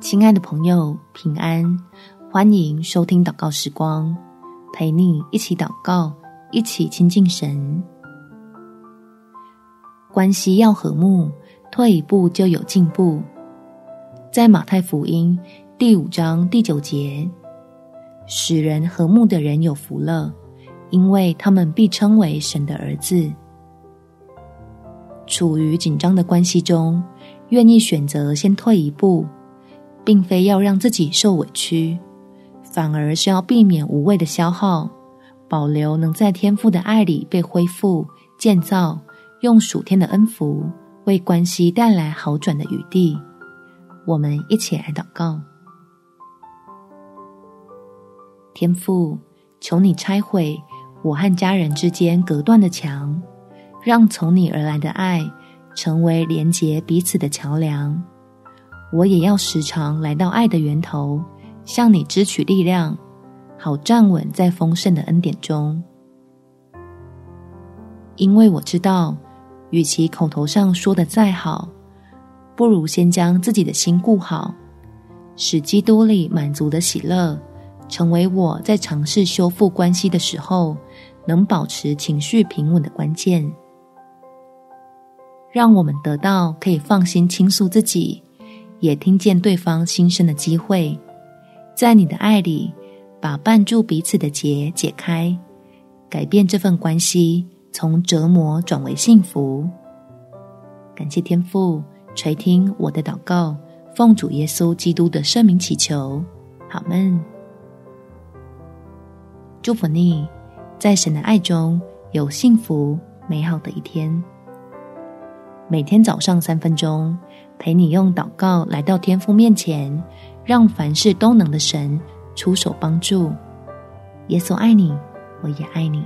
親愛的朋友，平安！歡迎收聽禱告時光，陪你一起禱告，一起親近神。關係要和睦，退一步就有進步。在馬太福音第五章第九節，使人和睦的人有福了，因為他們必稱為神的兒子。處於緊張的關係中，願意選擇先退一步。並非要讓自己受委屈，反而需要避免無謂的消耗，保留能在天父的愛裡被恢復、建造，用屬天的恩福為關係帶來好轉的餘地。我們一起來禱告：天父，求你拆毀我和家人之間隔斷的牆，讓從你而來的愛成為連結彼此的橋梁。我也要時常來到愛的源頭，向你支取力量，好站穩在豐盛的恩典中。因為我知道，與其口頭上說的再好，不如先將自己的心顧好，使基督裡滿足的喜樂，成為我在嘗試修復關係的時候，能保持情緒平穩的關鍵。讓我們得到可以放心傾訴自己，也聽見對方心聲的機會，在你的愛裡，把絆住彼此的結解開，改變這份關係，從折磨轉為幸福。感謝天父垂聽我的禱告，奉主耶穌基督的聖名祈求，阿們。祝福你，在神的愛中有幸福美好的一天。每天早上三分鐘，陪你用禱告來到天父面前，讓凡事都能的神出手幫助。耶穌愛你，我也愛你。